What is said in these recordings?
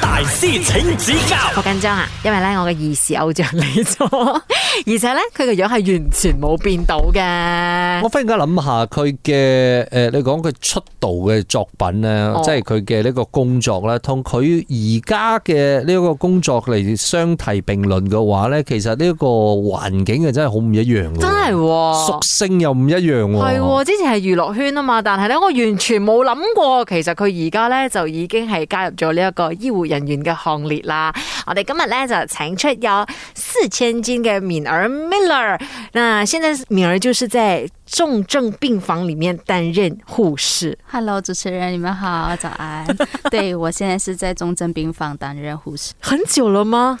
大師請指教。好緊張啊，因為咧我嘅兒時偶像嚟咗，而且咧佢個樣係完全冇變到嘅。我忽然間諗下佢嘅誒，你講佢出道嘅作品咧，哦、即係佢嘅呢個工作咧，同佢而家嘅呢個工作嚟相提並論嘅話咧，其實呢個環境係真係好唔一樣嘅，真係喎，屬性又唔一樣喎。係喎，之前係娛樂圈啊嘛，但係咧我完全冇諗過，其實佢而家咧就已經係加入咗呢一個醫護人員嘅行列啦。我哋今日咧就請出有四千斤嘅敏兒 Miller。那現在敏兒就是在重症病房裏面擔任護士。Hello，主持人，你們好，早安。對，我現在是在重症病房擔任護士，很久了嗎？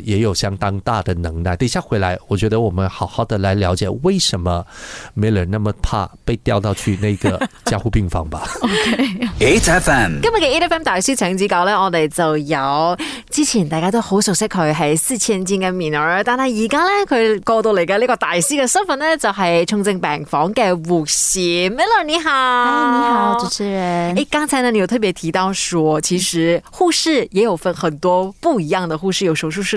也有相當大的能耐。等一下回來，我覺得我們好好的來了解為什麼 Miller 那麼怕被調到去那個加護病房吧。 OK，HFM、okay、今日嘅 HFM 大師請指教呢，我哋就有之前大家都好熟悉佢係四千斤嘅面兒，但係而家呢，佢過到嚟嘅呢個大師嘅身份呢，就係重症病房嘅護士。Miller, 你好，Hi, 你好，主持人。誒，剛才呢你有特別提到說，其實護士也有分很多不一樣的護士，有手術室。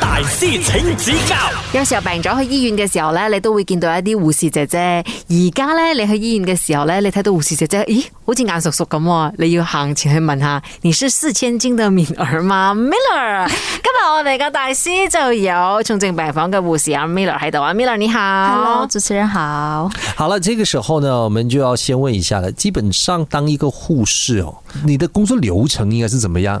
大師請指教。有時候病咗去醫院嘅時候呢，你都會見到一啲護士姐姐。而家呢，你去醫院嘅時候呢，你睇到護士姐姐，咦，好似眼熟熟咁，你要行前去問下。你是四千斤的米兒嗎？Miller？ 今日我哋嘅大師就有重症病房嘅護士阿 Miller 喺度啊，Miller 你好，Hello，主持人好。好了，這個時候呢，我們就要先問一下啦。基本上，當一個護士哦，你的工作流程應該是怎麼樣？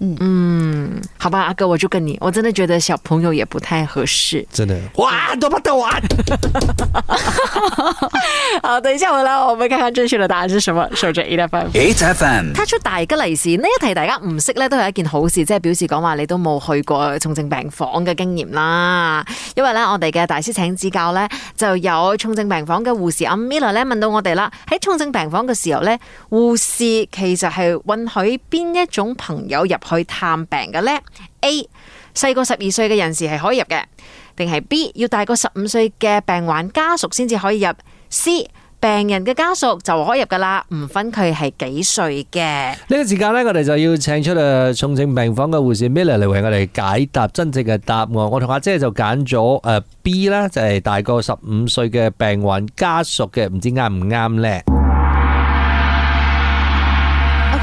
嗯,嗯，好吧，阿哥我祝跟你，我真的覺得小朋友也不太合適。真的，哇，多不得玩？ 好，等一下好啦，我哋今日正確嘅答案係什麼？Sojia 8FM，睇出大吉利是呢一題，大家唔識咧都係一件好事，即係表示講話你都冇去過重症病房嘅經驗啦。因為咧，我哋嘅大師請指教咧，就有重症病房嘅護士阿 Miller 咧問到我哋啦，喺重症病房嘅時候咧，護士其實係允許邊一種朋友入？去探病嘅咧，A 細過十二歲嘅人士係可以入嘅，定係 B 要大過十五歲嘅病患家屬先至可以入，C 病人嘅家屬就可以入噶啦，唔分佢係幾歲嘅。呢個時間咧，我哋就要請出誒重症病房嘅護士 Miller 嚟為我哋解答真正嘅答案。我同阿姐就揀咗誒 B 啦，就係大過十五歲嘅病患家屬嘅，唔知啱唔啱咧？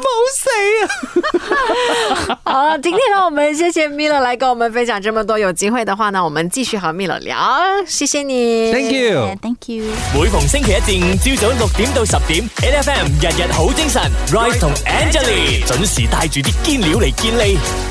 冇死啊！ 好，今天呢，我們謝謝 Miller 來跟我們分享這麼多。有機會的話呢，我們繼續和 Miller 聊。謝謝你，Thank you，Thank you、yeah。You. 每逢星期一至五朝早六點到十點，N F M 日日好精神，Rise 同 Angelina 準時帶住啲堅料嚟建立。